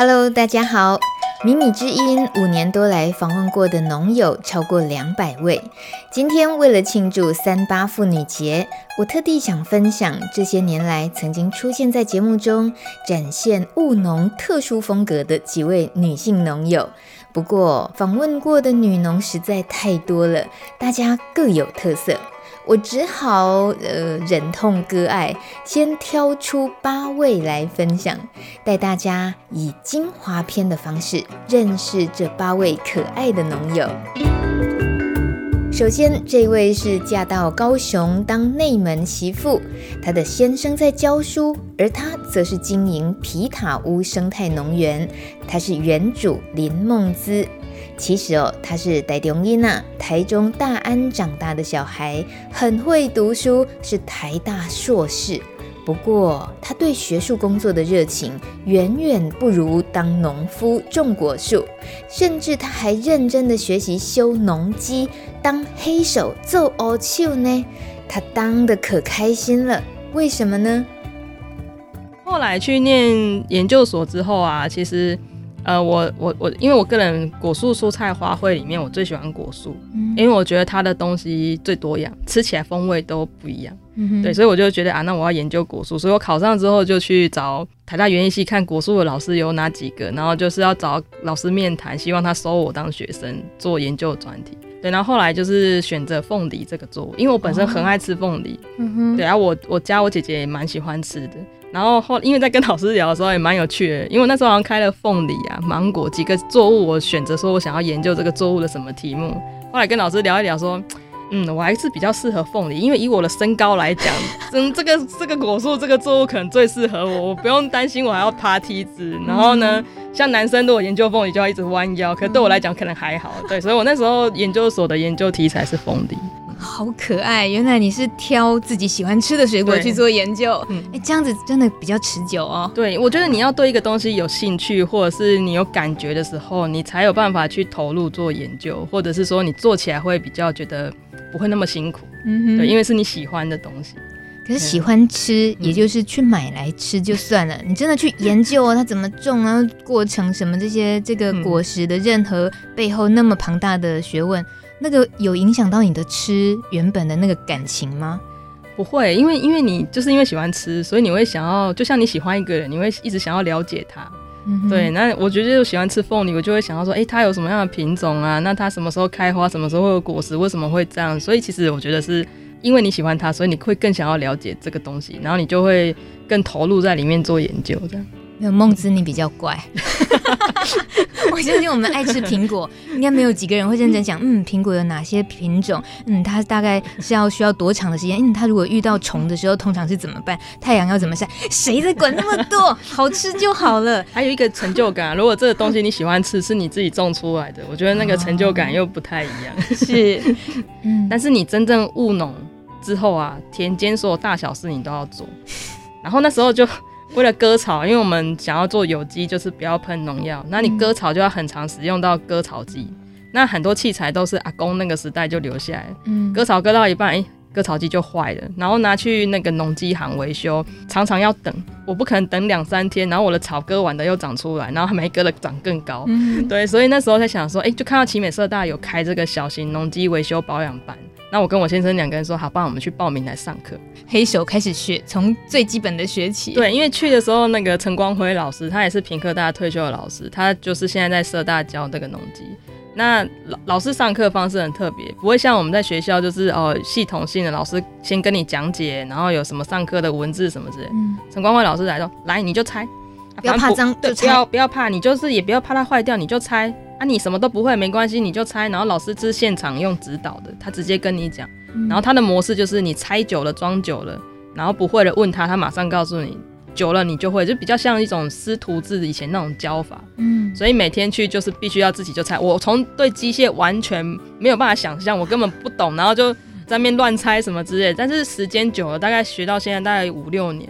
Hello，大家好。米米之音五年多來訪問過的農友超過兩百位。今天為了慶祝三八婦女節，我特地想分享這些年來曾經出現在節目中展現務農特殊風格的幾位女性農友。不過訪問過的女農實在太多了，大家各有特色。我只好呃忍痛割愛，先挑出八位來分享，帶大家以精華篇的方式認識這八位可愛的農友。首先，這位是嫁到高雄當內門媳婦，她的先生在教書，而她則是經營皮塔屋生態農園，她是園主林孟姿。其實哦，他是戴瓊英吶，台中大安長大的小孩，很會讀書，是台大碩士。不過他對學術工作的熱情遠遠不如當農夫種果樹，甚至他還認真的學習修農機，當黑手越當越順手呢。他當得可開心了，為什麼呢？後來去念研究所之後啊，其實。呃，我我我，因為我個人果樹、蔬菜、花卉裡面，我最喜歡果樹，嗯、因為我覺得它的東西最多樣，吃起來風味都不一樣。嗯哼，對，所以我就覺得啊，那我要研究果樹，所以我考上之後就去找台大園藝系看果樹的老師有哪幾個，然後就是要找老師面談，希望他收我當學生做研究專題。對，然後後來就是選擇鳳梨這個作物，因為我本身很愛吃鳳梨。嗯哼、哦，對，啊，我我家我姐姐也蠻喜歡吃的。然後後來，因為在跟老師聊的時候也蠻有趣的，因為我那時候好像開了鳳梨啊、芒果幾個作物，我選擇說我想要研究這個作物的什麼題目。後來跟老師聊一聊，說，嗯，我還是比較適合鳳梨，因為以我的身高來講，嗯、這個，這個這個果樹這個作物可能最適合我，我不用擔心我還要爬梯子。然後呢，嗯、像男生如果研究鳳梨就要一直彎腰，可是對我來講可能還好，對，所以我那時候研究所的研究題材是鳳梨。好可愛！原來你是挑自己喜歡吃的水果去做研究，哎對、嗯欸，這樣子真的比較持久哦。對，我覺得你要對一個東西有興趣，或者是你有感覺的時候，你才有辦法去投入做研究，或者是說你做起來會比較覺得不會那麼辛苦。嗯哼，對，因為是你喜歡的東西。可是喜歡吃，嗯、也就是去買來吃就算了。 你真的去研究哦，它怎麼種啊，過程什麼這些，這個果實的任何背後那麼龐大的學問。那個有影響到你的吃原本的那個感情嗎？不會，因為因為你就是因為喜歡吃，所以你會想要，就像你喜歡一個人，你會一直想要了解他。嗯、哼對，那我覺得就喜歡吃鳳梨，我就會想要說，哎、欸，它有什麼樣的品種啊？那它什麼時候開花？什麼時候會有果實？為什麼會這樣？所以其實我覺得是因為你喜歡它，所以你會更想要了解這個東西，然後你就會更投入在裡面做研究，這樣。沒有孟姿你比較怪， 我相信我們愛吃蘋果， 應該沒有幾個人會認真想，嗯，蘋果有哪些品種？嗯，它大概是要需要多長的時間？嗯，它如果遇到蟲的時候，通常是怎麼辦？太陽要怎麼曬？誰在管那麼多？ 好吃就好了，還有一個成就感。如果這個東西你喜歡吃， 是你自己種出來的，我覺得那個成就感又不太一樣。 是，但是你真正務農之後啊，田間所有大小事你都要做，然後那時候就。為了割草，因為我們想要做有機，就是不要噴農藥。那你割草就要很常使用到割草機，嗯、那很多器材都是阿公那個時代就留下來了。嗯、割草割到一半，欸割草機就壞了，然後拿去那個農機行維修，常常要等。我不可能等兩三天，然後我的草割完的又長出來，然後還沒割的長更高。嗯、哼對，所以那時候才想說，哎，就看到旗美社大有開這個小型農機維修保養班，那我跟我先生兩個人說好，幫我們去報名來上課。黑手開始學，從最基本的學起。對，因為去的時候那個陳光輝老師，他也是屏科大退休的老師，他就是現在在社大教這個農機。那老老師上課方式很特別，不會像我們在學校就是哦系統性的，老師先跟你講解，然後有什麼上課的文字什麼之類。陳、嗯、光輝老師來說，來你就拆，啊、不，不要怕髒，對，不要不要怕，你就是也不要怕它壞掉，你就拆啊，你什麼都不會沒關係，你就拆。然後老師是現場用指導的，他直接跟你講，嗯、然後他的模式就是你拆久了裝久了，然後不會了問他，他馬上告訴你。久了你就會，就比較像一種師徒制以前那種教法，嗯，所以每天去就是必須要自己就猜。我從對機械完全沒有辦法想象我根本不懂，然後就在那邊亂猜什麼之類。但是時間久了，大概學到現在大概五六年，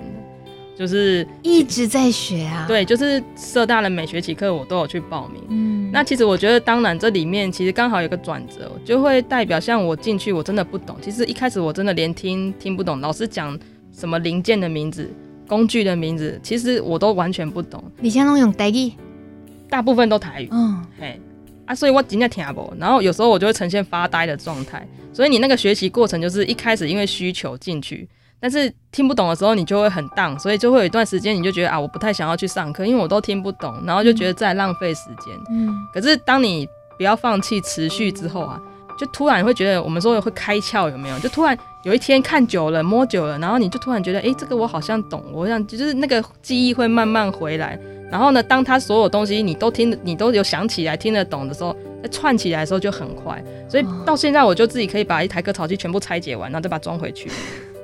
就是一直在學啊。對，就是社大的每學期課我都有去報名。嗯，那其實我覺得，當然這裡面其實剛好有個轉折，就會代表像我進去我真的不懂。其實一開始我真的連聽聽不懂老師講什麼零件的名字。工具的名字其實我都完全不懂。你現在用台語，大部分都台語。嗯，嘿啊，所以我真的聽不。然後有時候我就會呈現發呆的狀態。所以你那個學習過程就是一開始因為需求進去，但是聽不懂的時候你就會很蕩，所以就會有一段時間你就覺得啊，我不太想要去上課，因為我都聽不懂，然後就覺得在浪費時間。嗯，可是當你不要放棄，持續之後啊。就突然會覺得我們說會開竅有沒有？就突然有一天看久了，摸久了，然後你就突然覺得，哎、欸，這個我好像懂，我想就是那個記憶會慢慢回來。然後呢，當他所有東西你都聽，你都有想起來聽得懂的時候，再串起來的時候就很快。所以到現在我就自己可以把一台割草機全部拆解完，然後再把它裝回去。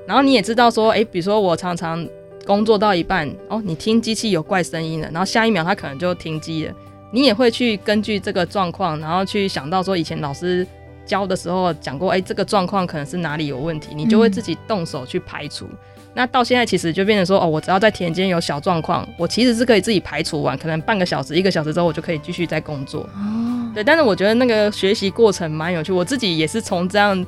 然後你也知道說，哎、欸，比如說我常常工作到一半，哦，你聽機器有怪聲音了，然後下一秒它可能就停機了。你也會去根據這個狀況，然後去想到說以前老師。教的時候講過，哎、欸，這個狀況可能是哪裡有問題，你就會自己動手去排除。嗯、那到現在其實就變成說，哦，我只要在田間有小狀況，我其實是可以自己排除完，可能半個小時、一個小時之後，我就可以繼續在工作。哦、對。但是我覺得那個學習過程蠻有趣，我自己也是從這樣，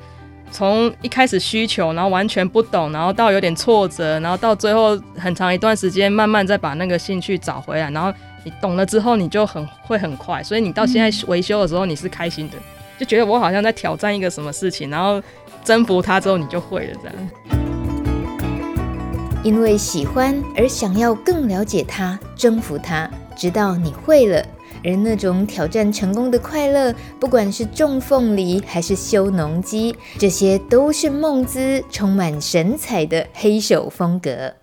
從一開始需求，然後完全不懂，然後到有點挫折，然後到最後很長一段時間，慢慢再把那個興趣找回來，然後你懂了之後，你就很會很快，所以你到現在維修的時候，你是開心的。嗯就覺得我好像在挑戰一個什麼事情，然後征服他之後你就會了，這樣。因為喜歡而想要更了解他、征服他，直到你會了。而那種挑戰成功的快樂，不管是種鳳梨還是修農機，這些都是孟姿充滿神采的黑手風格。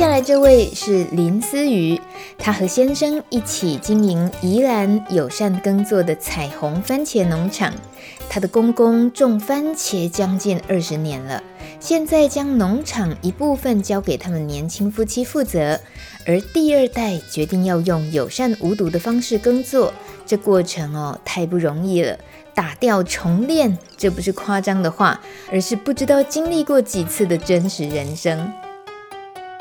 接下來這位是林思妤。她和先生一起經營宜蘭友善耕作的彩虹番茄農場。她的公公種番茄將近二十年了，現在將農場一部分交給他們年輕夫妻負責，而第二代決定要用友善無毒的方式耕作，這過程哦太不容易了，打掉重練，這不是誇張的話，而是不知道經歷過幾次的真實人生。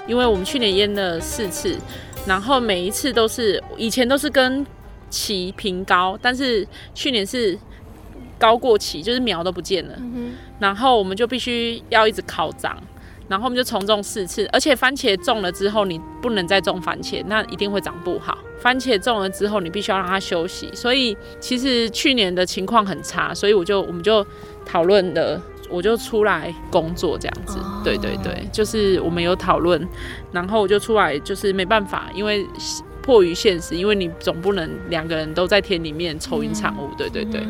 因為我們去年淹了四次，然後每一次都是以前都是跟齊平高，但是去年是高過齊，就是苗都不見了。嗯、哼然後我們就必須要一直烤長，然後我們就重種四次，而且番茄種了之後你不能再種番茄，那一定會長不好。番茄種了之後你必須要讓它休息，所以其實去年的情況很差，所以我就我們就討論了。我就出來工作這樣子，對對對，就是我們有討論，然後我就出來，就是沒辦法，因為迫於現實，因為你總不能兩個人都在田裡面愁雲慘霧。對對對。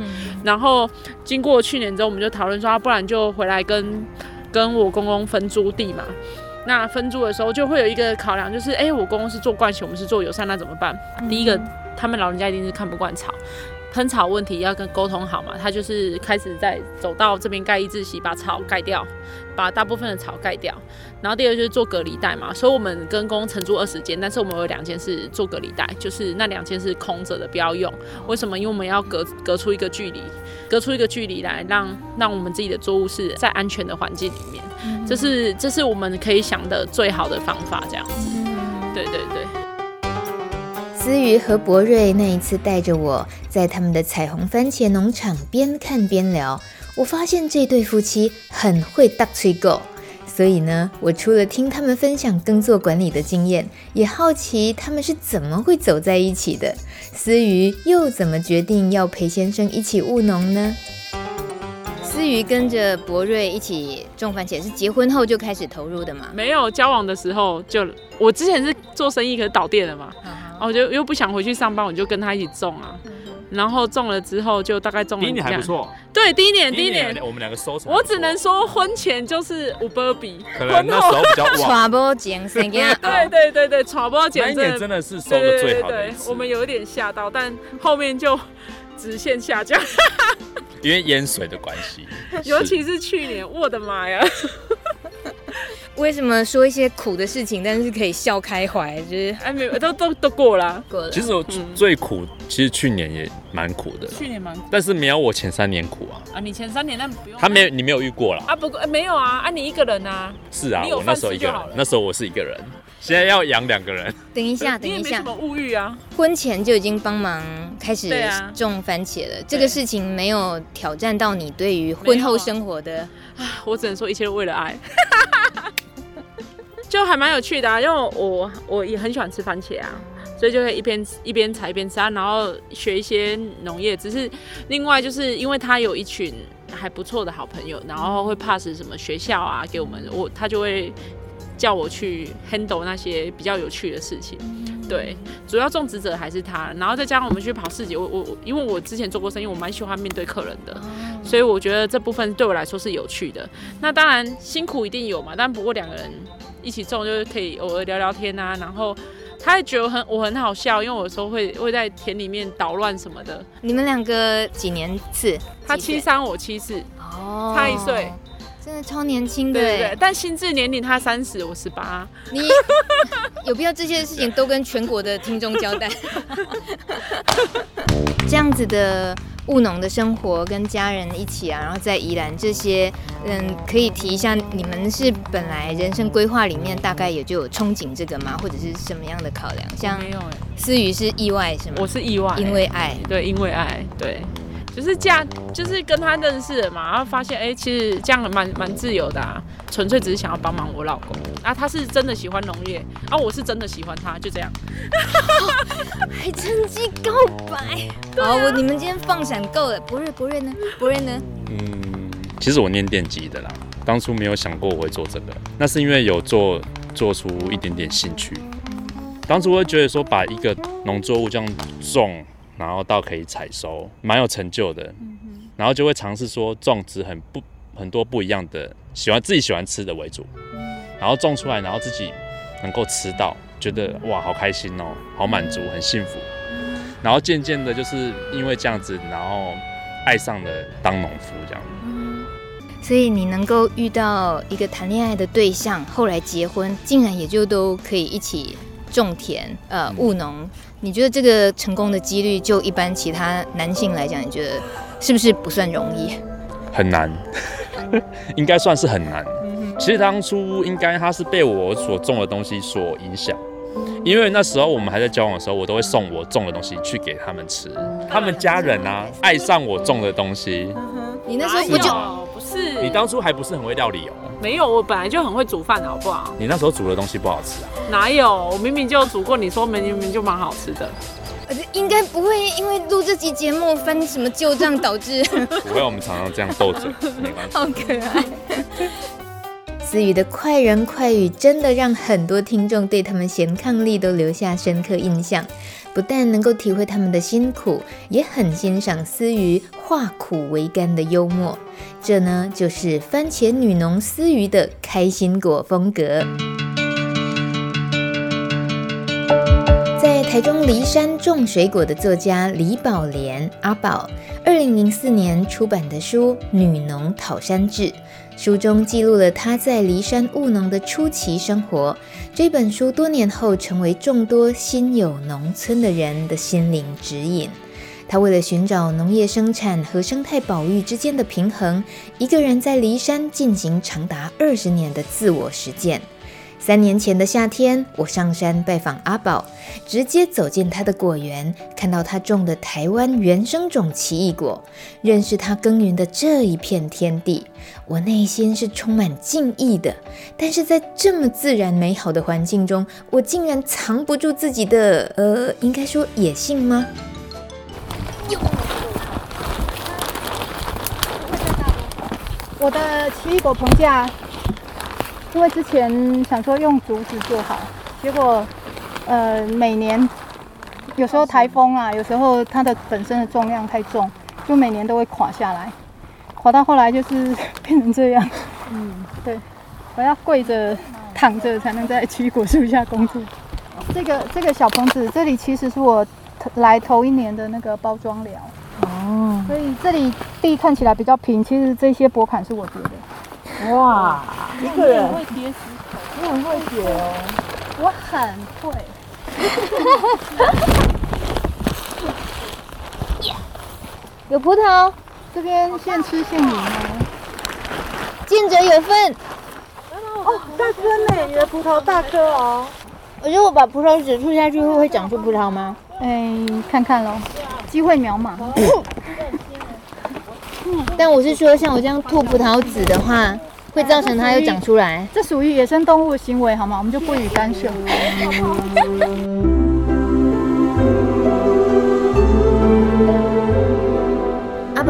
然後經過去年之後，我們就討論說，不然就回來跟跟我公公分租地嘛。那分租的時候就會有一個考量，就是哎、欸，我公公是做慣行，我們是做友善，那怎麼辦？第一個，他們老人家一定是看不慣草，噴草問題要跟溝通好嘛，他就是開始在走到這邊蓋一字席，把草蓋掉，把大部分的草蓋掉。然後第二就是做隔離帶嘛，所以我們跟工承租二十間，但是我們有兩間是做隔離帶，就是那兩間是空着的，不要用。為什麼？因為我們要隔隔出一個距離，隔出一個距離來讓讓我們自己的作物是在安全的環境裡面。這是這是我們可以想的最好的方法，這樣子。對對對。思妤和博瑞那一次帶着我在他們的彩虹番茄農場邊看邊聊，我發現這對夫妻很會大採購，所以呢，我除了聽他們分享耕作管理的經驗，也好奇他們是怎麼會走在一起的。思妤又怎麼決定要陪先生一起務農呢？思妤跟着博瑞一起種番茄是結婚後就開始投入的嗎？沒有，交往的時候就，我之前是做生意，可是倒店了嘛。我就又不想回去上班，我就跟他一起種啊。然後種了之後，就大概種了這樣。第一年還不錯。對，第一年，第一年，我們兩個收成。我只能說，婚前就是五波比。可能那時候比較哇。對對對對，喘不過氣。第一年真的是收的最好的。我們有一點嚇到，但後面就直線下降。因為淹水的關係，尤其是去年，我的媽呀！為什麼說一些苦的事情，但是可以笑開懷？就是哎，沒有，都都都過了、啊，過了。其實我最苦，嗯、其實去年也蠻苦，苦的。去年蠻苦，但是沒有我前三年苦啊。啊，你前三年那不用他沒有，你沒有遇過了、啊。啊，不過沒有啊，啊，你一個人啊。是啊，我那時候一個人，那時候我是一個人，對現在要養兩個人。等一下，等一下，你什麼物欲啊。婚前就已經幫忙開始、啊、種番茄了，這個事情對沒有挑戰到你對於婚後生活的啊。我只能說，一切都為了愛。 就還蠻有趣的啊，因為我我也很喜歡吃番茄啊，所以就會一邊一邊採一邊吃啊，然後學一些農業。只是另外就是因為他有一群還不錯的好朋友，然後會 pass 什麼學校啊給我們，我他就會叫我去 handle 那些比較有趣的事情。對，主要種植者還是他，然後再加上我們去跑市集。我我，因為我之前做過生意，我蠻喜歡面對客人的，所以我覺得這部分對我來說是有趣的。那當然辛苦一定有嘛，但不過兩個人。一起種就是可以偶爾聊聊天啊，然後他也覺得我很我很好笑，因為我有時候會會在田裡面搗亂什麼的。你們兩個幾年次？他七三，我七四，哦，差一歲。真的超年輕的，對，對對？但心智年齡他三十，我十八。你有必要這些事情都跟全國的聽眾交代？ 這樣子的務農的生活，跟家人一起啊，然後在宜蘭這些，嗯，可以提一下你們是本來人生規劃裡面大概也就有憧憬這個嗎？或者是什麼樣的考量？像思妤是意外是嗎？我是意外，欸，因為愛。對，因為愛。對。就是這樣，就是跟他認識了嘛，然後發現哎、欸，其實這樣蠻蠻自由的啊，純粹只是想要幫忙我老公那、啊、他是真的喜歡農業啊，我是真的喜歡他，就這樣，哦、 還趁機告白，啊、好，我你們今天放閃夠了，不認，不認呢，不認呢。嗯，其實我念電機的啦，當初沒有想過我會做這個，那是因為有做做出一點點興趣，當初我會覺得說把一個農作物這樣種。然後到可以採收，蠻有成就的。然後就會嘗試說種植很不很多不一樣的，喜歡自己喜歡吃的為主。然後種出來，然後自己能夠吃到，覺得哇好開心哦，好滿足，很幸福。然後漸漸的，就是因為這樣子，然後愛上了當農夫這樣。所以你能夠遇到一個談戀愛的對象，後來結婚，竟然也就都可以一起種田，呃，務農，你覺得這個成功的機率，就一般其他男性來講，你覺得是不是不算容易？很難，應該算是很難。其實當初應該他是被我所種的東西所影響，因為那時候我們還在交往的時候，我都會送我種的東西去給他們吃，他們家人啊愛上我種的東西。你那時候不就？你當初還不是很會料理哦、喔。沒有，我本來就很會煮飯，好不好？你那時候煮的東西不好吃啊？哪有？我明明就有煮過，你說沒？明明就蠻好吃的。應該不會因為錄這期節目翻什麼舊賬導致。不會，我們常常這樣鬥嘴，沒關係。好可愛。思妤的快人快語真的讓很多聽眾對他們賢伉儷都留下深刻印象。不但能夠體會他們的辛苦，也很欣賞思妤化苦為甘的幽默。這呢，就是番茄女農思妤的開心果風格。在台中梨山種水果的作家李寶蓮阿寶，二零零四年出版的書《女農討山志》。書中記錄了他在梨山務農的初期生活。這本書多年後成為眾多心有農村的人的心靈指引。他為了尋找農業生產和生態保育之間的平衡，一個人在梨山進行長達二十年的自我實踐。三年前的夏天，我上山拜訪阿寶，直接走進他的果園，看到他種的台灣原生種奇異果，認識他耕耘的這一片天地。我內心是充滿敬意的，但是在這麼自然美好的環境中，我竟然藏不住自己的，呃，應該說野性嗎？我的奇異果棚架，因為之前想說用竹子做好，結果，呃，每年有時候台風啊，有時候它的本身的重量太重，就每年都會垮下來。滑到後來就是變成這樣。嗯，對，我要跪着、躺着才能在奇異果樹下工作。這個這個小棚子，這裡其實是我來頭一年的那個包裝寮。哦、嗯。所以這裡地看起來比較平，其實這些駁坎是我疊的。哇！你、哦那個人。會疊石頭，我很會疊哦，我很會。哈哈哈哈！ Yeah. 有葡萄。這邊現吃現飲哦，見者有份。哦，大顆你的葡萄大顆哦。如果我把葡萄籽吐下去，會不會長出葡萄嗎？哎、欸，看看嘍，機會渺茫。 但我是說，像我這樣吐葡萄籽的話，會造成它又長出來。哎、這屬於野生動物行為，好嗎？我們就不予干涉。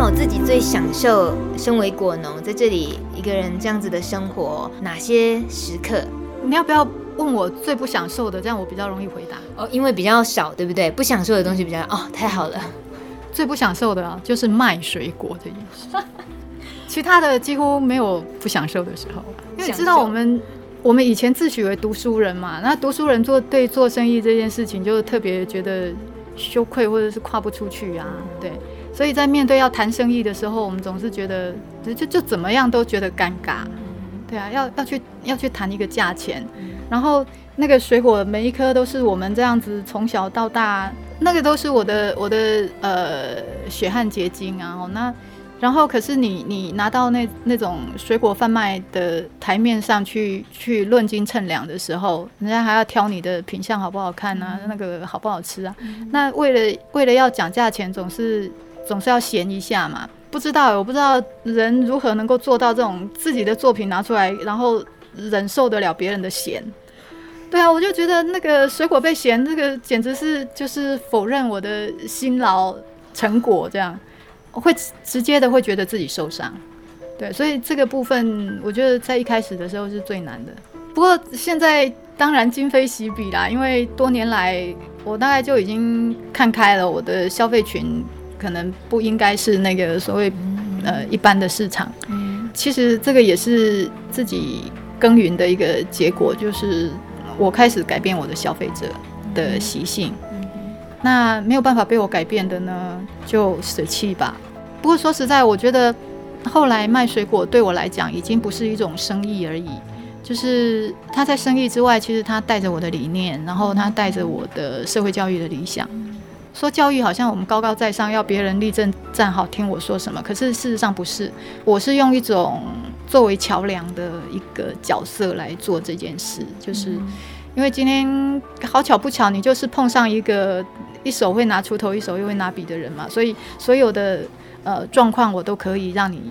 我自己最享受身為果農在這裡一個人這樣子的生活，哪些時刻你要不要問我最不享受的？這樣我比較容易回答。哦，因為比較少，對不對？不享受的東西比較……嗯、哦，太好了，最不享受的啊，就是賣水果這件事。 其他的幾乎沒有不享受的時候，啊，因為知道我們我們以前自詡為讀書人嘛，那讀書人做對做生意這件事情，就特別覺得羞愧，或者是跨不出去啊，對。所以在面對要談生意的時候，我們總是覺得就就怎麼樣都覺得尷尬，對啊，要要去要去談一個價錢，然後那個水果每一顆都是我們這樣子從小到大，那個都是我的我的呃血汗結晶啊。那然後可是你你拿到那那種水果販賣的台面上去去論斤稱量的時候，人家還要挑你的品相好不好看啊，那個好不好吃啊？那為了為了要講價錢，總是。總是要嫌一下嘛。不知道，我不知道人如何能夠做到這種自己的作品拿出來，然後忍受得了別人的嫌。對啊，我就覺得那個水果被嫌，這、那個簡直是就是否認我的辛勞成果這樣，我會直接的會覺得自己受傷。對，所以這個部分我覺得在一開始的時候是最難的。不過現在當然今非昔比啦，因為多年來我大概就已經看開了，我的消費群可能不應該是那個所謂，呃，一般的市場。嗯，其實這個也是自己耕耘的一個結果，就是我開始改變我的消費者的習性。嗯，嗯，嗯，那沒有辦法被我改變的呢，就捨棄吧。不過說實在，我覺得後來賣水果對我來講已經不是一種生意而已，就是他在生意之外，其實他帶着我的理念，然後他帶着我的社會教育的理想。說教育好像我們高高在上，要別人立正站好聽我說什麼。可是事實上不是，我是用一種作為橋梁的一個角色來做這件事。就是，因為今天好巧不巧，你就是碰上一個一手會拿鋤頭，一手又會拿筆的人嘛，所以所有的呃狀況我都可以讓你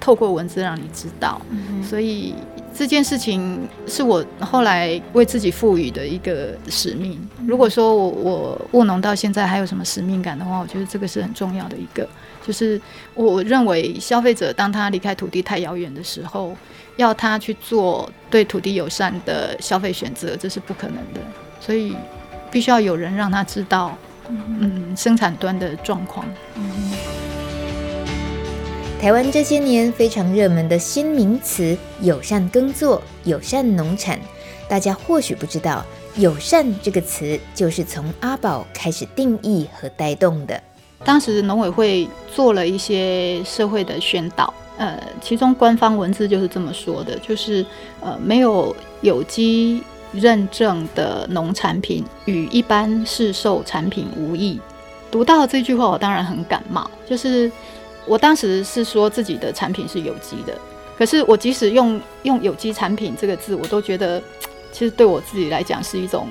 透過文字讓你知道，嗯哼。所以。這件事情是我後來為自己賦予的一個使命。如果說我，我務農到現在還有什麼使命感的話，我覺得這個是很重要的一個，就是我認為消費者當他離開土地太遙遠的時候，要他去做對土地友善的消費選擇，這是不可能的。所以，必須要有人讓他知道，嗯，生產端的狀況。嗯。台灣這些年非常熱門的新名詞“友善耕作”“友善農產”，大家或許不知道，“友善”這個詞就是從阿寶開始定義和帶動的。當時農委會做了一些社會的宣導，呃，其中官方文字就是這麼說的，就是呃，沒有有機認證的農產品與一般市售產品無異。讀到這句話，我當然很感冒，就是。我當時是說自己的產品是有機的，可是我即使用用有機產品這個字，我都覺得其實對我自己來講是一種，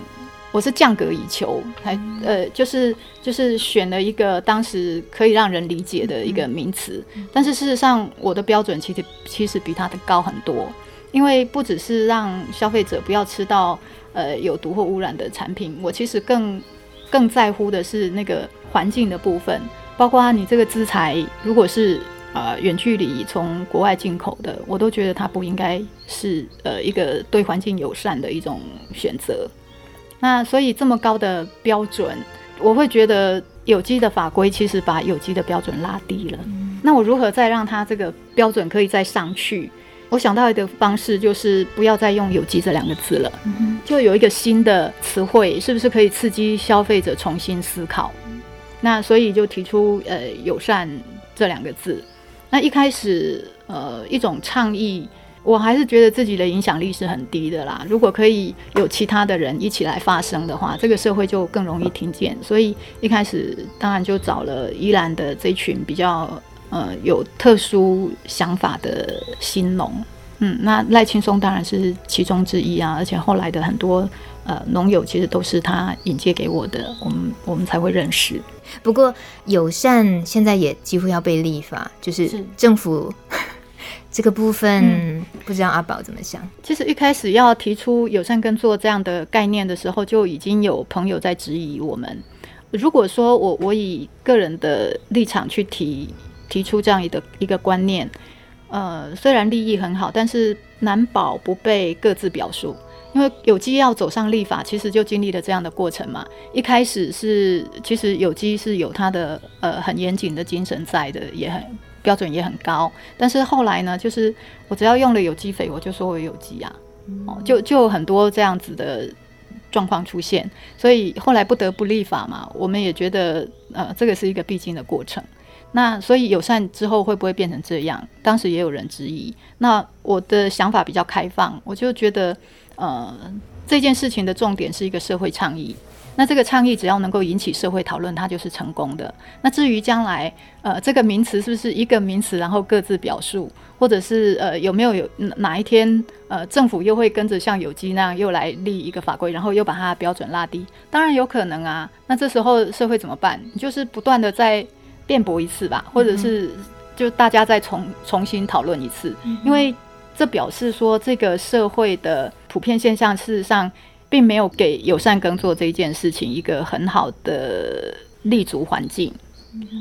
我是降格以求，還呃就是就是選了一個當時可以讓人理解的一個名詞，嗯，但是事實上我的標準其實其實比它的高很多，因為不只是讓消費者不要吃到呃有毒或污染的產品，我其實更更在乎的是那個環境的部分。包括你這個資材，如果是呃遠距離從國外進口的，我都覺得它不應該是呃一個對環境友善的一種選擇。那所以這麼高的標準，我會覺得有機的法規其實把有機的標準拉低了。嗯、那我如何再讓它這個標準可以再上去？我想到一個方式，就是不要再用有機這兩個字了，嗯、哼就有一個新的詞彙，是不是可以刺激消費者重新思考？那所以就提出呃友善這兩個字，那一開始呃一種倡議，我還是覺得自己的影響力是很低的啦。如果可以有其他的人一起來發聲的話，這個社會就更容易聽見。所以一開始當然就找了宜蘭的這一群比較呃有特殊想法的新農。嗯，那賴青松當然是其中之一啊，而且後來的很多呃農友其實都是他引薦給我的，我們我們才會認識。不過友善現在也幾乎要被立法，就是政府這個部分是、嗯、不知道阿寶怎麼想。其實一開始要提出友善耕作這樣的概念的時候，就已經有朋友在質疑我們。如果說我我以個人的立場去提提出這樣一個一個觀念。呃，雖然利益很好，但是難保不被各自表述。因為有機要走上立法，其實就經歷了這樣的過程嘛。一開始是，其實有機是有它的呃很嚴謹的精神在的，也很標準也很高。但是後來呢，就是我只要用了有機肥，我就說我有機啊，哦，就就很多這樣子的狀況出現。所以後來不得不立法嘛，我們也覺得呃這個是一個必經的過程。那所以友善之後會不會變成這樣？當時也有人質疑。那我的想法比較開放，我就覺得，呃，這件事情的重點是一個社會倡議。那這個倡議只要能夠引起社會討論，它就是成功的。那至於將來，呃，這個名詞是不是一個名詞，然後各自表述，或者是呃有沒有有哪一天，呃，政府又會跟着像有機那樣又來立一個法規，然後又把它標準拉低？當然有可能啊。那這時候社會怎麼辦？你就是不斷的在。辯駁一次吧，或者是就大家再重、嗯、哼重新討論一次，因為這表示說，這個社會的普遍現象，事實上並沒有給友善耕作這件事情一個很好的立足環境，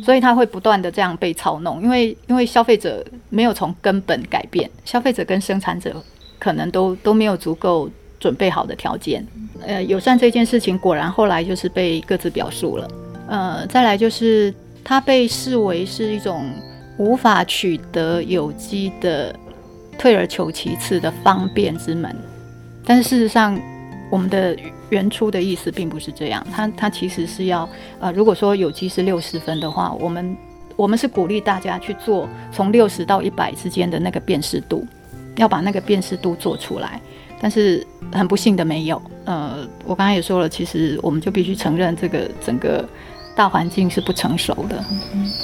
所以他會不斷地這樣被操弄，因為，因為消費者沒有從根本改變，消費者跟生產者可能都都沒有足夠準備好的條件。呃，友善這件事情果然後來就是被各自表述了。呃，再來就是。它被視為是一種無法取得有機的、退而求其次的方便之門。但是事實上，我們的原初的意思並不是這樣。它它其實是要，呃，如果說有機是六十分的話，我們我們是鼓勵大家去做從六十到一百之間的那個辨識度，要把那個辨識度做出來。但是很不幸的沒有。呃，我剛才也說了，其實我們就必須承認這個整個。大環境是不成熟的，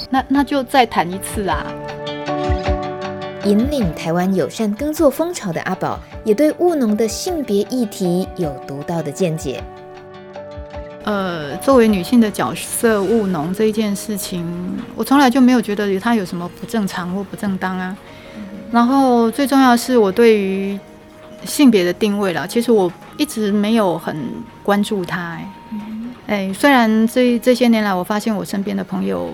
那那就再談一次啦、啊。引領台灣友善耕作風潮的阿寶，也對務農的性別議題有獨到的見解。呃，作為女性的角色，務農這一件事情，我從來就沒有覺得它有什麼不正常或不正當啊。然後最重要是我對於性別的定位了，其實我一直沒有很關注它、欸。哎，雖然這這些年來，我發現我身邊的朋友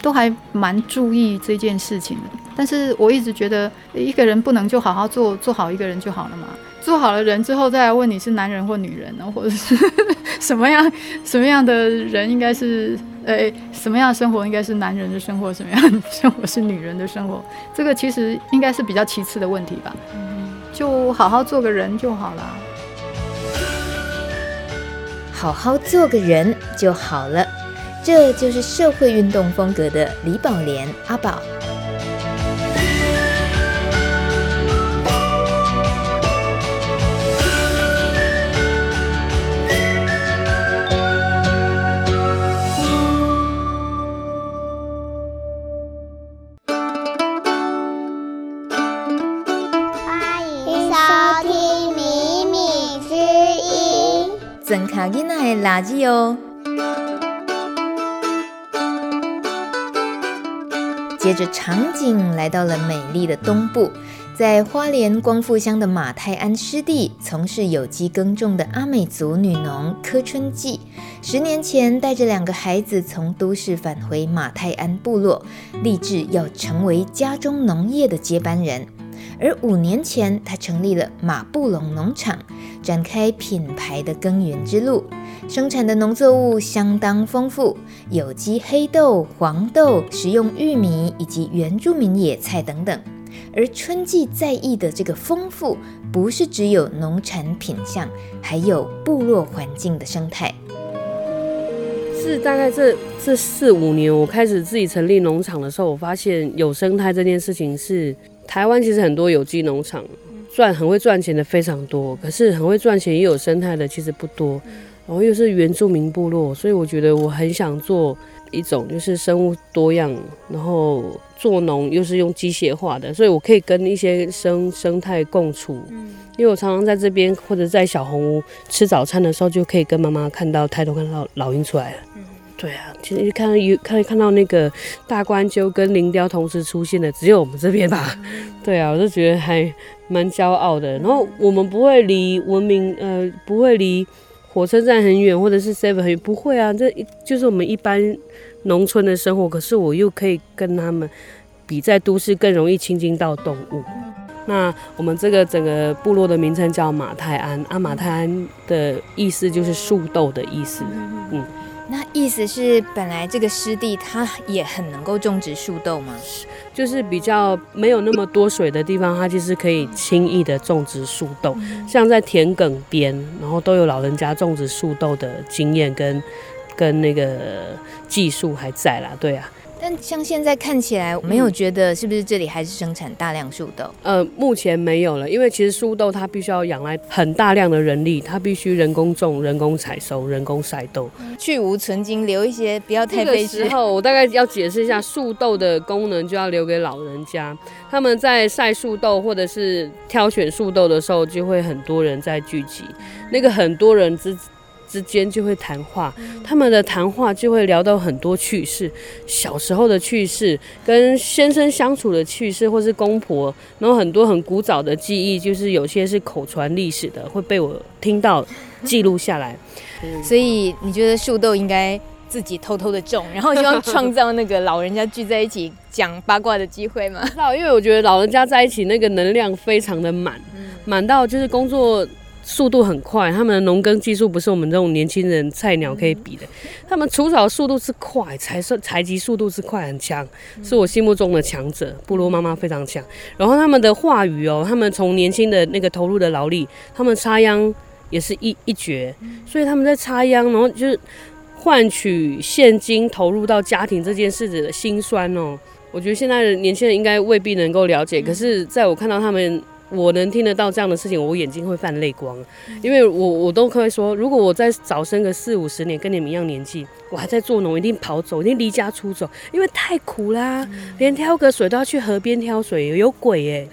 都還蠻注意這件事情的，但是我一直覺得，一個人不能就好好做做好一個人就好了嘛。做好了人之後，再來問你是男人或女人呢，或者是呵呵什麼樣什麼樣的人應該是，呃，什麼樣的生活應該是男人的生活，什麼樣的生活是女人的生活，這個其實應該是比較其次的問題吧。嗯，就好好做個人就好了。好好做個人就好了，這就是社會運動風格的李寶蓮阿寶。莊腳囡仔垃圾哦。接着，場景來到了美麗的東部，在花蓮光復鄉的馬太鞍濕地，從事有機耕種的阿美族女農柯春伎，十年前帶着兩個孩子從都市返回馬太鞍部落，立志要成為家中農業的接班人。而五年前，他成立了馬布隆農場，展開品牌的耕耘之路。生產的農作物相當豐富，有機黑豆、黃豆、食用玉米以及原住民野菜等等。而春伎在意的這個豐富，不是只有農產品項，還有部落環境的生態。是大概這這四五年，我開始自己成立農場的時候，我發現有生態這件事情是。台灣其實很多有機農場賺很會賺錢的非常多，可是很會賺錢也有生態的其實不多，然後又是原住民部落，所以我覺得我很想做一種就是生物多樣，然後做農又是用機械化的，所以我可以跟一些生生態共處。嗯。因為我常常在這邊或者在小紅屋吃早餐的時候，就可以跟媽媽看到太多看到老鷹出來了。對啊，其實看到有看看到那個大冠鷲跟林雕同時出現的，只有我們這邊吧。對啊，我就覺得還蠻驕傲的。然後我們不會離文明，呃，不會離火車站很遠，或者是 seven 很遠，不會啊。這就是我們一般農村的生活。可是我又可以跟他們比，在都市更容易親近到動物。那我們這個整個部落的名稱叫馬太鞍，阿、啊、馬太鞍的意思就是樹豆的意思。嗯。那意思是，本來這個濕地它也很能夠種植樹豆嗎？是，就是比較沒有那麼多水的地方，它其實可以輕易的種植樹豆。像在田埂邊，然後都有老人家種植樹豆的經驗跟跟那個技術還在啦，對啊。但像現在看起來，沒有覺得是不是這裡還是生產大量樹豆？呃，目前沒有了，因為其實樹豆它必須要養來很大量的人力，它必須人工種、人工採收、人工曬豆。嗯、去蕪存菁，留一些不要太悲。這個之後我大概要解釋一下樹豆的功能，就要留給老人家。他們在曬樹豆或者是挑選樹豆的時候，就會很多人在聚集。那個很多人之。之間就會談話，嗯、他們的談話就會聊到很多趣事，小時候的趣事，跟先生相處的趣事，或是公婆，然後很多很古早的記憶，就是有些是口傳歷史的，會被我聽到記錄下來。嗯、所以你覺得樹豆應該自己偷偷的種，然後希望創造那個老人家聚在一起講八卦的機會嗎？ 因為我覺得老人家在一起那個能量非常的滿，滿、嗯、到就是工作。速度很快，他們的農耕技術不是我們這種年輕人菜鳥可以比的。嗯、他們除草速度是快，採收、採集速度是快，很強，是我心目中的強者。嗯、部落媽媽非常強，然後他們的話語哦、喔，他們從年輕的那個投入的勞力，他們插秧也是一一絕。嗯、所以他們在插秧，然後就是換取現金投入到家庭這件事子的心酸哦、喔，我覺得現在的年輕人應該未必能夠了解。嗯、可是在我看到他們。我能聽得到這樣的事情，我眼睛會泛淚光，因為我我都可以說，如果我再早生個四五十年，跟你們一樣年紀，我還在做農，一定跑走，一定離家出走，因為太苦啦，啊，連挑個水都要去河邊挑水，有鬼哎！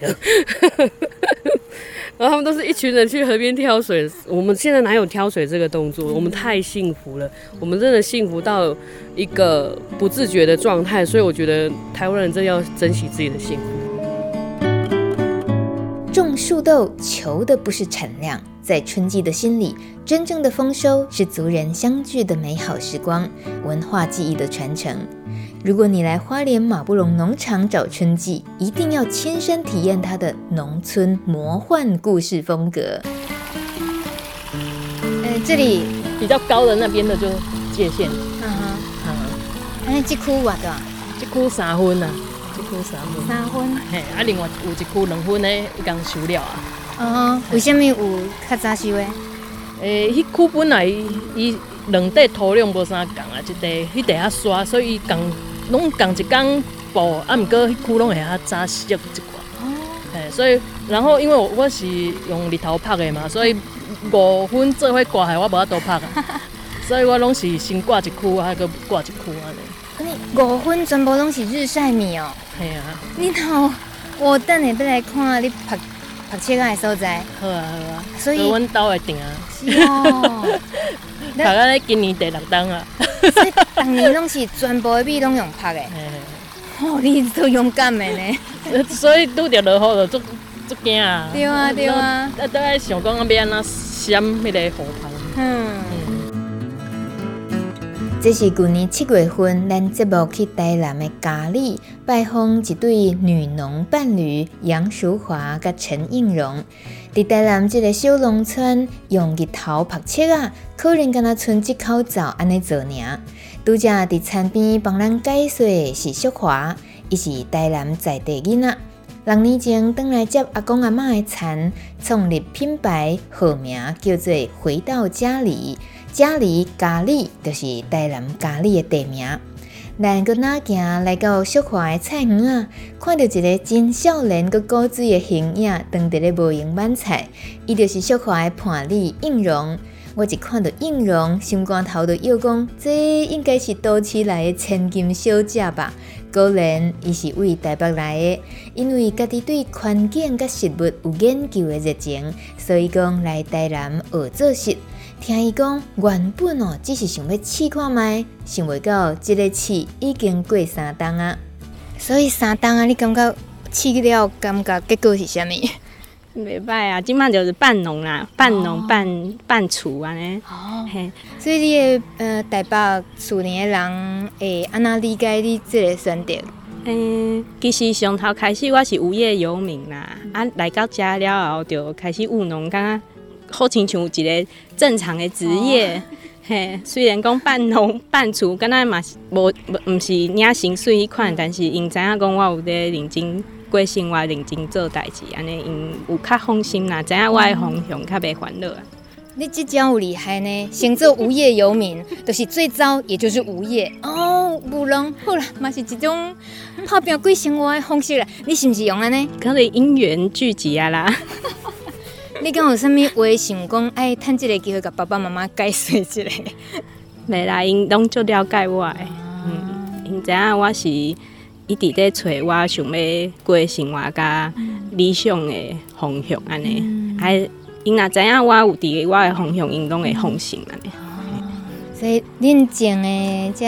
然後他們都是一群人去河邊挑水，我們現在哪有挑水這個動作？我們太幸福了，我們真的幸福到一個不自覺的狀態，所以我覺得台灣人真的要珍惜自己的幸福。種樹豆求的不是產量，在春伎的心裡，真正的豐收是族人相聚的美好時光，文化記憶的傳承。如果你來花蓮瑪布隆農場找春伎，一定要親身體驗它的農村魔幻故事風格。嗯、呃、這裡比較高的那邊的就界限。嗯哈，嗯，哎，這棵瓦的，這棵三分啊。三分，嘿分，啊，另外有一區兩分呢，共收了啊。哦，哦，為啥物有較早收誒？誒，迄區、欸、本來伊兩塊土壤無啥共啊，一塊迄塊較沙，所以伊共攏共一工布啊，毋過迄區攏會較早熟一寡。哦。嘿，所以然後因為我，我是用日頭拍的嘛，所以五分做迄掛海我無法多拍， 所以我攏是先掛一區啊，閣掛一區安尼。五分全部攏是日曬米哦，係啊！你頭我等下要來看你拍拍車個所在，好啊好啊。所以阮兜會定啊。是啊、哦， 拍到咧今年第六單啊。 所以當年攏是全部米攏用拍誒。 哦，你都勇敢誒咧。 所以拄着落雨就足足驚啊！對啊對啊！啊，都愛想講要安怎閃，袂個好拍。嗯。這是去年七月份，咱節目去台南的佳里拜訪一對女農伴侶楊淑華甲陳映蓉。在台南這個小農村，用日頭拍七啊，可能敢若春節口灶安尼做呢？拄只在田邊幫咱解說的是淑華，伊是台南在地囡仔，六年前回來接阿公阿嬤的田，創立品牌，號名叫做回到佳里。嘉里嘉里，就是台南嘉里的地名。兩個男仔來到淑華的菜園啊，看到一個真少年閣古錐的形影，蹲在咧無影板菜。伊就是淑華的伴侶映蓉。我一看到映蓉，心肝頭就要講，這應該是都市內的千金小姐吧？果然，伊是為台北來的，因為家己對環境甲食物有研究的熱情，所以講來台南學做食。聽伊講，原本哦，只是想要試看覓，想袂到，即個試已經過三冬啊。所以三冬啊，你感覺試了，感覺結果是啥物？袂歹啊，即滿就是半農啦，半農半半厝安尼。哦。所以你誒，呃，台北厝內的人，會安那理解你即個選擇？嗯、欸，其實上頭開始，我是無業遊民啦，嗯、啊，來到遮了後，就開始務農，感覺。好像像一個正常的職業，嘿、哦。雖然講半農半廚，跟咱嘛是無不，毋是領薪水迄款，但是因知影講我有咧認真過生活、認真做代誌，安尼因有較放心啦。知影我的方向較袂煩惱。哇你只招有厲害呢，先做無業遊民，就 是最早也就是無業。哦，無農，好啦嘛是一種拍拼過生活的方式啦。你是毋是用安尼，可能因緣聚集啊啦。 你講有啥物話想講？哎，趁這個機會，甲爸爸媽媽解說一下。沒 啦，因攏足了解我誒。啊、嗯，因知影我是一直在找我想要過生活、甲理想的方向安尼。嗯、還因若知影我有佇我誒方向，因攏會放心安尼。嗯、對所以恁種誒，即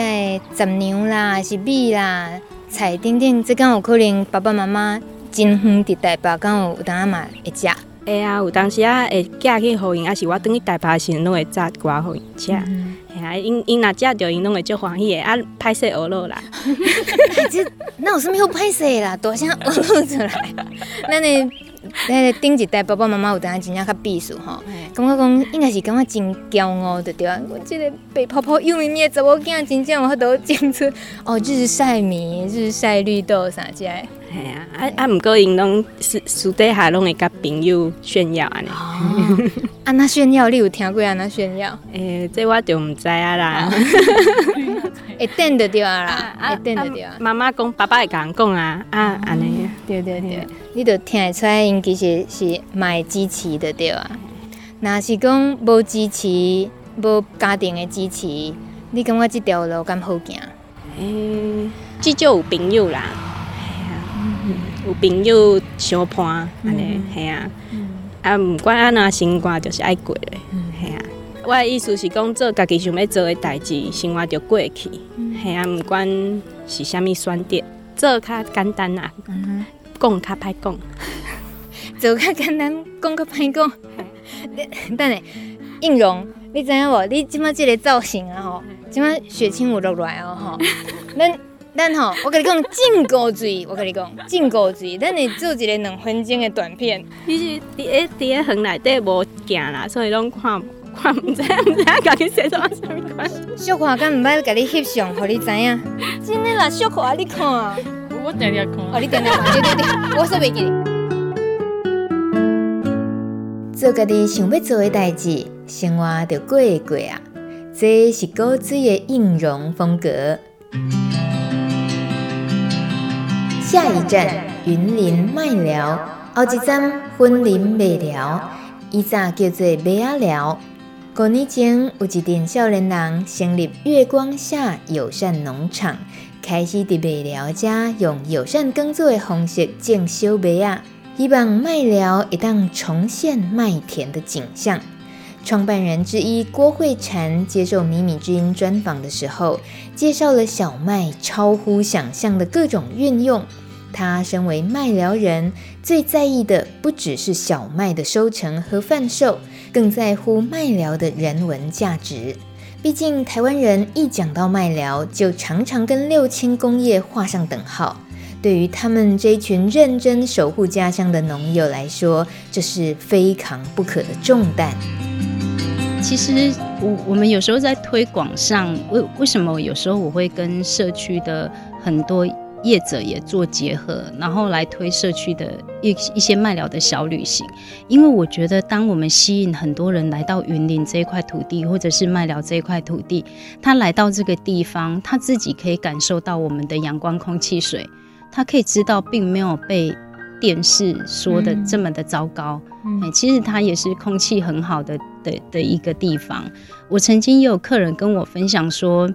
個雜糧啦、是米啦、菜等等，即間有可能爸爸媽媽真遠佇台北，敢有有當阿媽會食。會、欸、啊，有當時啊會寄去互因啊，是我轉去台北時攏會摘瓜互因食，嚇因因若食着因攏會足歡喜的，啊歹勢學落啦。哪有啥物好歹勢的啦，大聲學落出來。咱的咱的頂一代爸爸媽媽有當時真正較避暑吼，感、嗯、覺講應該是感覺真驕傲着對啊，我即個白泡泡幼綿綿的查某囝真正有法度種出哦，日、就、曬、是、米、日、就、曬、是、綠豆啥子。係啊，啊啊！毋過因攏私私底下攏會甲朋友炫耀安尼。安那炫耀，你有聽過安那炫耀？誒，這我就毋知啊啦。哈哈哈。一定著對啊啦，一定着對啊。媽媽講，爸爸會甲人講啊啊安尼。啊，對對對，你得聽得出來，因其實是買支持的對啊。若是講無支持、無家庭的支持，你感覺這條路敢好行？誒，至少有朋友啦。有朋友相伴，安尼係啊，嗯、啊，毋管安那生活就是愛過嘞，係、嗯、啊。我的意思是講做家己想要做誒代志，生活着過去，係、嗯、啊。毋管是啥物選擇，做較簡單吶、啊，講、嗯、哼較歹講，做較簡單，講較歹講。 你等下，映蓉，你知影無？你今即個造型啊、喔、吼，即仔血清有落來啊吼、喔，恁。 等下，我跟你講真古錐，我跟你講真古錐。等你做一個兩分鐘的短片，你是第第橫來第無驚啦，所以攏看看唔知唔知道，家己寫錯啥物關係。淑華敢唔擺家你翕相，互你，你知影。真的啦，淑華你看，我定定看，啊、喔、你定定看， 對對對，我說袂記。做家己想要做嘅代志，生活就過過啊。這是古錐嘅形容風格。下一站雲林麥寮，下一站雲林麥寮，以前叫做麥仔寮。幾年前，有一陣少年人成立月光下友善農場，開始在麥寮家用友善耕作的方式種麥仔，希望麥寮一旦重現麥田的景象。創辦人之一郭慧嬋接受《米米之音》專訪的時候，介紹了小麥超乎想象的各種運用。他身為麥寮人，最在意的不只是小麥的收成和販售，更在乎麥寮的人文價值。畢竟，台灣人一講到麥寮，就常常跟六輕工業畫上等號。對於他們這一群認真守護家鄉的農友來說，這是非扛不可的重擔。其實，我我們有時候在推廣上，為為什麼有時候我會跟社區的很多業者也做結合，然後來推社區的一一些麥寮的小旅行？因為我覺得，當我們吸引很多人來到雲林這一塊土地，或者是麥寮這一塊土地，他來到這個地方，他自己可以感受到我們的陽光、空氣、水，他可以知道並沒有被。電視說的這麼的糟糕，嗯嗯，其實它也是空氣很好的的的一個地方。我曾經也有客人跟我分享說，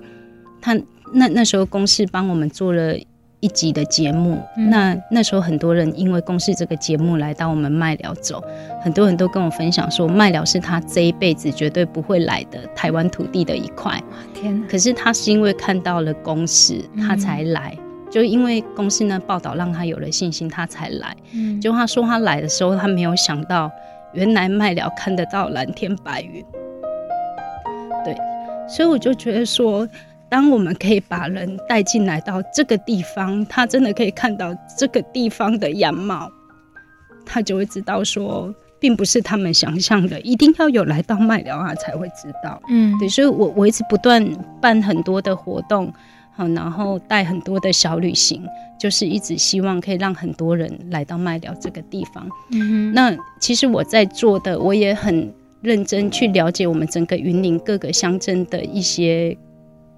他那那時候公司幫我們做了一集的節目，嗯，那那時候很多人因為公司這個節目來到我們麥寮走，很多人都跟我分享說，麥寮是他這一輩子絕對不會來的台灣土地的一塊。天吶，啊。可是他是因為看到了公司，他才來。嗯就因為公司呢報道讓他有了信心，他才來。嗯，就他說他來的時候，他沒有想到原來麥寮看得到藍天白雲。對，所以我就覺得說，當我們可以把人帶進來到這個地方，他真的可以看到這個地方的樣貌，他就會知道說，並不是他們想象的，一定要有來到麥寮他才會知道。嗯，對，所以我我一直不斷辦很多的活動。好，然後帶很多的小旅行，就是一直希望可以讓很多人來到麥寮這個地方。嗯哼，那其實我在做的，我也很認真去了解我們整個雲林各個鄉鎮的一些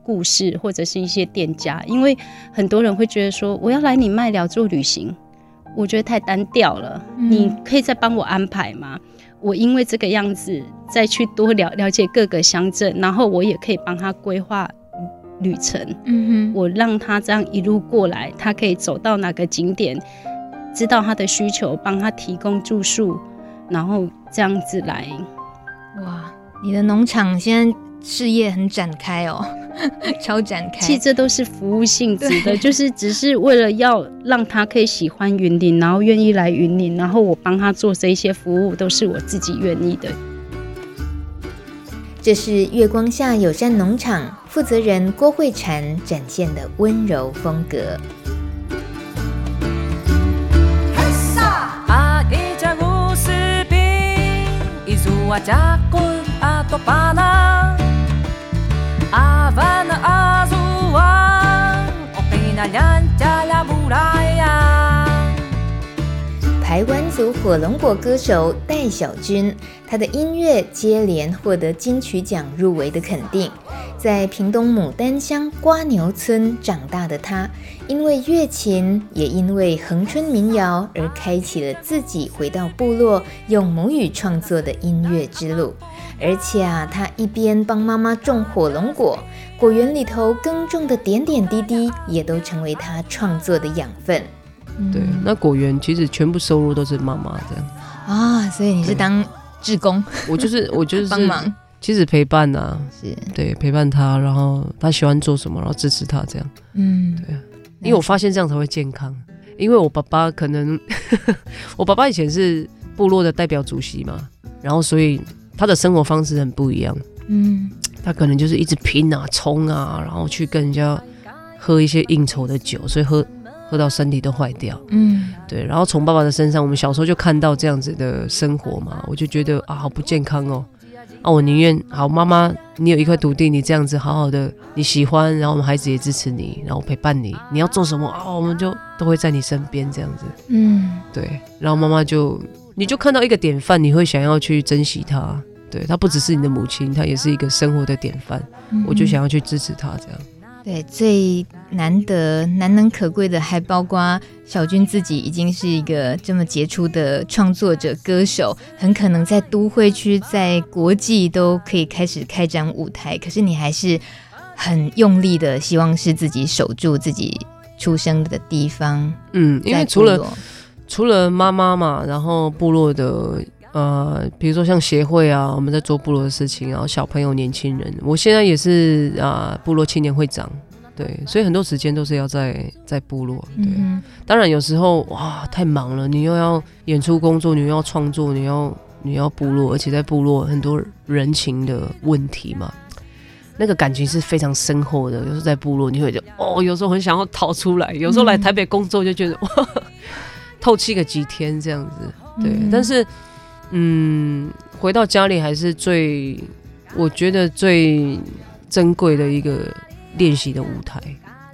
故事或者是一些店家，因為很多人會覺得說我要來你麥寮做旅行，我覺得太單調了。嗯、你可以再幫我安排嗎？我因為這個樣子再去多了了解各個鄉鎮，然後我也可以幫他規劃。旅程，嗯哼，我讓他這樣一路過來，他可以走到哪個景點，知道他的需求，幫他提供住宿，然後這樣子來。哇，你的農場現在事業很展開哦，超展開。其實這都是服務性質的，對就是只是為了要讓他可以喜歡雲林，然後願意來雲林，然後我幫他做這一些服務，都是我自己願意的。這是月光下友善農場負責人郭慧蟬展現的溫柔風格。台灣族火龍果歌手戴曉君，他的音樂接連獲得金曲獎入圍的肯定。在屏東牡丹鄉瓜牛村長大的他，因為月琴，也因為恆春民謠，而開啟了自己回到部落用母語創作的音樂之路。而且啊，他一邊幫媽媽種火龍果，果園裡頭耕種的點點滴滴，也都成為他創作的養分。嗯、對，那果園其實全部收入都是媽媽這樣啊、哦，所以你是當志工，對 我就是我就是幫 忙，其實陪伴吶、啊，是對陪伴他，然後他喜歡做什麼，然後支持他這樣，嗯，對啊，嗯、因為我發現這樣才會健康，因為我爸爸可能， 我爸爸以前是部落的代表主席嘛，然後所以他的生活方式很不一樣，嗯，他可能就是一直拼啊、衝啊，然後去跟人家喝一些應酬的酒，所以喝。喝到身體都壞掉，嗯，對。然後從爸爸的身上，我們小時候就看到這樣子的生活嘛，我就覺得啊，好不健康哦。啊，我寧願好媽媽，你有一塊土地，你這樣子好好的，你喜歡，然後我們孩子也支持你，然後陪伴你，你要做什麼啊，我們就都會在你身邊這樣子，嗯，對。然後媽媽就，你就看到一個典範，你會想要去珍惜她，對，她不只是你的母親，她也是一個生活的典範。嗯哼，我就想要去支持她這樣。對，最難得、難能可貴的，還包括小君自己已經是一個這麼傑出的創作者、歌手，很可能在都會區、在國際都可以開始開展舞台。可是你還是很用力的，希望是自己守住自己出生的地方。嗯，因為除了除了媽媽嘛，然後部落的。呃，比如說像協會啊，我們在做部落的事情，然後小朋友、年輕人，我現在也是啊、呃，部落青年會長，對，所以很多時間都是要在在部落，對。嗯嗯，當然有時候哇，太忙了，你又要演出、工作，你又要創作，你要你要部落，而且在部落很多人情的問題嘛，那個感情是非常深厚的。有時候在部落，你會就哦，有時候很想要逃出來，有時候來台北工作就覺得、嗯、哇，透氣個幾天這樣子，對，嗯嗯，但是。嗯，回到家裡還是最，我覺得最珍貴的一個練習的舞台。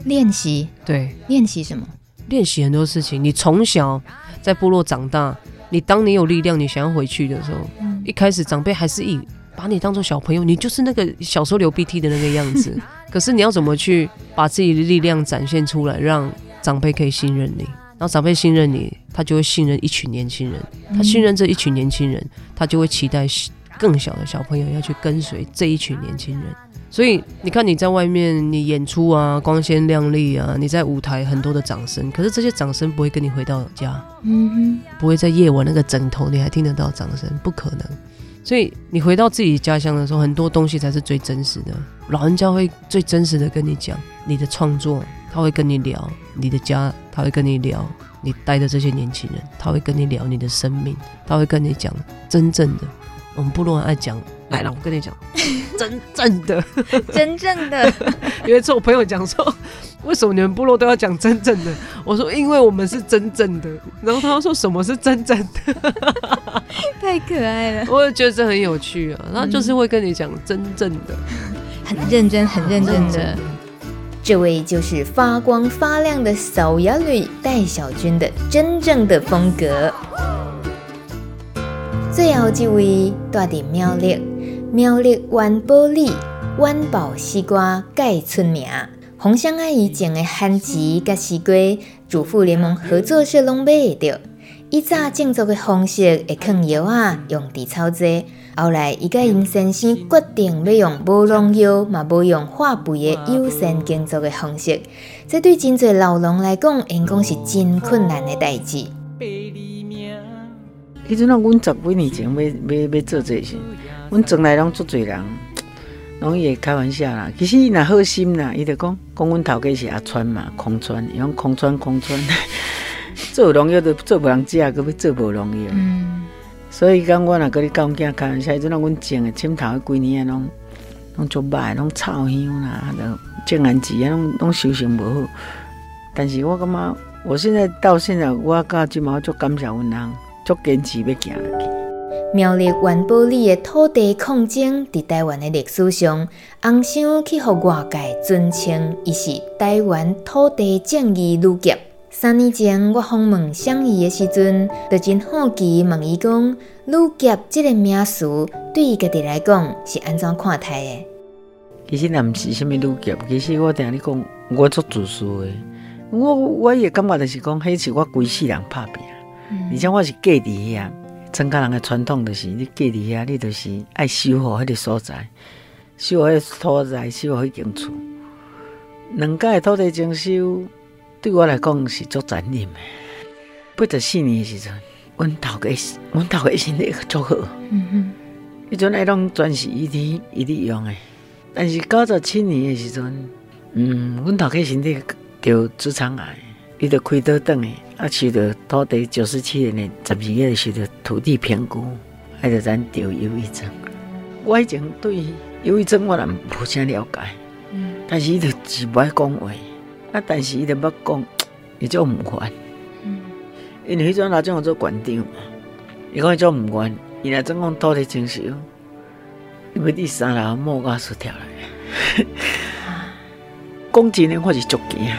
練習習，對，練習什麼？練習很多事情。你從小在部落長大，你當你有力量，你想要回去的時候，嗯、一開始長輩還是以把你當做小朋友，你就是那個小時候流鼻涕的那個樣子。 可是你要怎麼去把自己的力量展現出來，讓長輩可以信任你？然後長輩信任你，他就會信任一群年輕人。他信任這一群年輕人，他就會期待更小的小朋友要去跟隨這一群年輕人。所以你看你在外面你演出啊，光鮮亮麗啊，你在舞台很多的掌聲，可是這些掌聲不會跟你回到家，嗯哼，不會在夜晚那個枕頭你還聽得到掌聲，不可能。所以你回到自己家鄉的時候，很多東西才是最真實的。老人家會最真實的跟你講你的創作。他會跟你聊你的家，他會跟你聊你待的這些年輕人，他會跟你聊你的生命，他會跟你講真正的。我們部落人愛講，嗯、來了，我跟你講， 真正的， 真正的。 有一次我朋友講說，為什麼你們部落都要講真正的？我說因為我們是真正的。然後他說什麼是真正的？ 太可愛了，我也覺得這很有趣啊。他就是會跟你講真正的，嗯、很認真，很認真的、哦。這位就是發光發亮的掃牙女戴曉君的真正的風格。最後一位，帶着苗栗，苗栗灣寶里灣寶西瓜蓋出名，洪箱阿姨種的番薯、甲西瓜，主婦聯盟合作社攏買得到。以早種植的方式會抗藥啊，用地超濟。後來，伊甲嚴先生決定要用無農藥、嘛無用化肥的有機耕作的方式。這對真濟老農來講，應該是真困難的代志。迄陣啊，阮十幾年前要要要做這些，阮從來攏足濟人，攏會開玩笑啦。其實伊若好心啦，伊就講講阮頭家是阿川嘛，空川，伊講空川空川，空川呵呵做農藥都做無人吃，閣要做無農藥。嗯所以講，我那個咧講起，看像以前阮種誒，前頭幾年啊，攏攏做賣，攏臭香啦，種番薯啊，攏攏收成無好。但是我感覺，我現在到現在，我個起碼就感謝有人，就堅持要行落去。苗栗灣寶里誒土地抗爭佇台灣誒歷史上，紅燒去互外界尊稱，伊是台灣土地正義女杰。三年前我訪問箱姨的時陣，就真好奇問伊講：“女俠這個名詞對於家己來講是安怎看待的？”其實也不是什麼女俠，其實我聽你講，我做主持的。我我的感覺就是講，還是我貴姓人拍拼，而且、嗯、我是嫁佇遐，增家人的傳統就是你嫁佇遐，你就是愛守護那個所在，守護所在，守護一間厝，兩家土地徵收，對我來講是做責任的。八十四年時陣，阮頭家，阮頭家身體較好。嗯哼。一准來攏全是依天一利用誒。但是九十七年誒時陣，嗯，阮頭家身體得直腸癌，伊得開刀等誒。啊，是得土地九十七年十二月時，得土地評估，還得咱調憂鬱症。嗯、我以前對憂鬱症我唔冇啥了解，嗯、但是伊就是不愛講話。啊！但是伊就要講，伊就毋管，不嗯、因為迄種老種我做慣常，伊講伊就毋管，伊若總共脫離情緒，不第三人莫個輸掉來。講 錢、啊、我是足驚啊，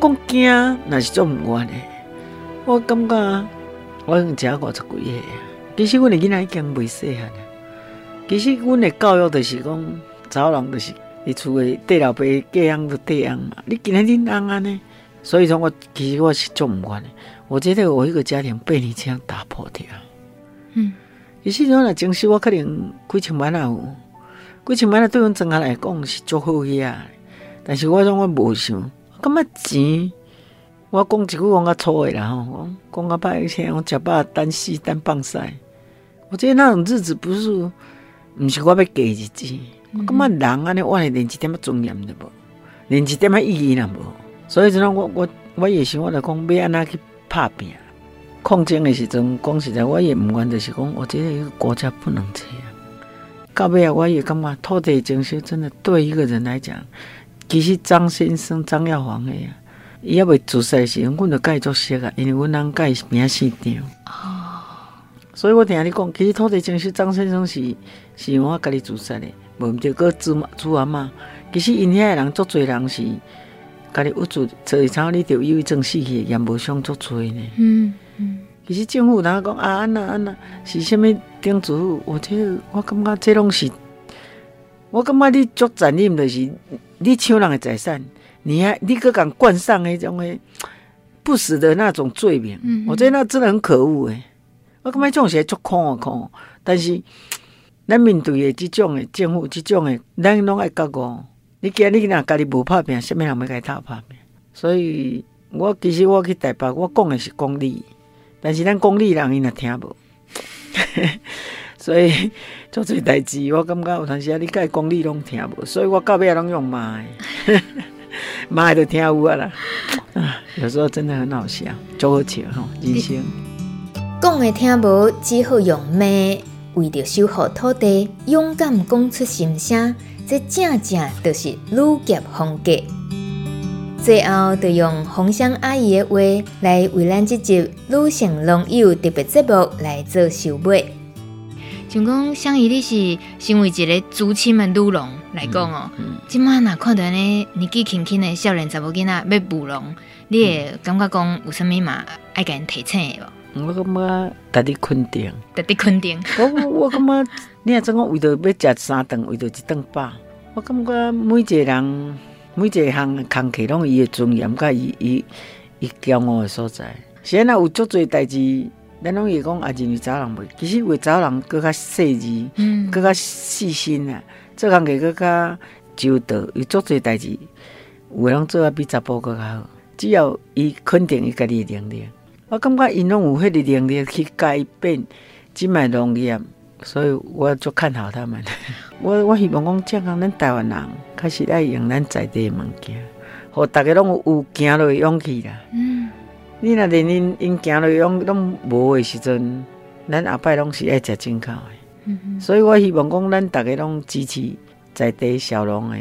講驚若是做毋管誒。我感覺我已經食五十幾歲，其實阮誒囡仔已經袂細漢，其實阮誒教育著是講，查某人著是。你厝的地老爸這樣子這樣嘛？你今然恁安安尼。所以說我，我其實我是做唔慣的。我覺得我一個家庭被你這樣打破掉。嗯，其實我那情緒我可能幾千萬那有，幾千萬那對我整個來講是足好去啊。但是我種我無想，感覺錢，我講一句較粗我呷錯的啦吼，講呷歹，而且我呷飽等死等放屎。我覺得那種日子不是，唔是我要過日子。我感、嗯、覺人安尼，我會連一點仔尊嚴都無，連一點仔意義都無。所以，陣我我我也想，我就講要要那去拍拼。抗爭的時陣，講實在，我也唔願的是講，我覺得一個國家不能這樣。到尾啊，我也感覺土地徵收真的對一個人來講，其實張先生、張耀煌的呀，伊也未自殺是，我著蓋作息啊，因為阮人蓋名姓掉。哦。所以我聽你講，其實土地徵收，張先生是是我家己自殺的。問唔着個芝麻芝嘛？其實因遐的人足濟人是有，家己惡作，做一你就以為裝死去，也無想足濟呢。嗯嗯。其實政府有人講啊，安那安那，是蝦米釘子戶？我這我感覺這種是，我感覺你作殘忍的是，你搶人的財產，你還你可敢冠上一種的不死的那種罪名？嗯哼。我覺得那真的很可惡誒！我感覺這種些作空啊、哦哦、但是。咱面對的即種的政府，即種的，咱攏愛講個。你今仔日若家己無拍拼，什麼人沒該他拍拼。所以，我其實我去台北，我講的是講理，但是咱講理人因那聽無。 所以遮濟代志，我感覺有陣時啊，你講理攏聽無。所以我到不要攏用罵，罵 都聽有啊啦。 啊，有時候真的很好笑，足好笑吼。人生。講的聽無，只好用罵。為着守護土地，勇敢講出心聲，這正正就是女俠風格。最後，就用洪箱阿姨的話來為咱這集女性農友特別節目來做收尾。像講，箱姨你是身為一個資深的女農來講哦，今麥那看到呢年紀輕輕的少年查某囡仔要務農，你會感覺講有啥物嘛愛給人提醒無？我感覺特別肯定，特別肯定。我我感覺，覺 覺你看，我為了要食三頓，為了一頓飽。我感覺每一個人，每一項工課，攏伊個尊嚴，甲伊伊伊驕傲個所在。雖然那有足儕代誌，咱攏會講阿認為查某人袂，其實為查某人較、嗯、更加細緻，嗯，更加細心啊。做工更加周到，有足儕代誌，有人做阿比查甫更加好。只要伊肯定伊家己認定的。我感覺因攏有迄個能力去改變，即滿農業，所以我就看好他們。 我我希望講正常咱台灣人、嗯、人，確實愛用咱在地物件，互逐個攏有走路勇氣啦。嗯哼，你若連人因行路勇攏無誒時陣，咱後擺攏是愛食進口誒。所以我希望講咱逐個攏支持在地誒，小農的，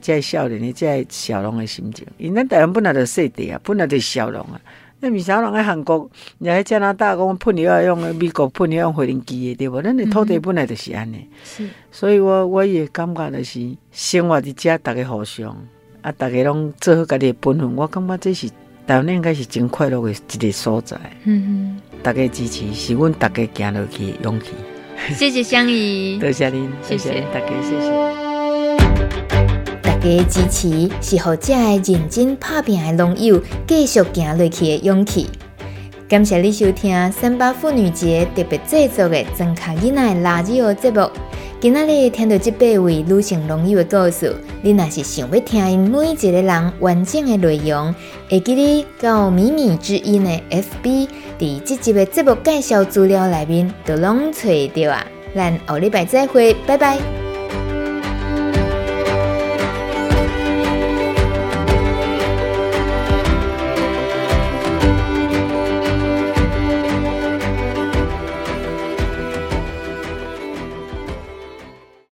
遮少年的遮小農誒，心情，因咱台灣本來就小地啊，本來就小農啊。那為啥人喺韓國，也喺加拿大講叛逆，用美國叛逆用飛靈機的，對無？那你土地本來就是安尼，嗯、所以我我也感覺就是生活在家，大家互相，啊，大家攏做好家己的本分，我感覺這是當然應該是真快樂的一個所在。嗯哼，大家支持，是阮大家行落去的勇氣。謝謝相依，多 謝您，謝，謝謝大家，謝謝。嘅支持，是後者認真拍拼嘅農友繼續行落去嘅勇氣。感謝你收聽三八婦女節特別制作嘅《莊腳囡仔的 Radio》節目。今仔日聽到這八位女性農友嘅故事，你若是想要聽每一個人完整嘅內容？會記得到米米之音嘅 FB，在這集嘅節目介紹資料內面就攏找着啊！咱下禮拜再會，拜拜。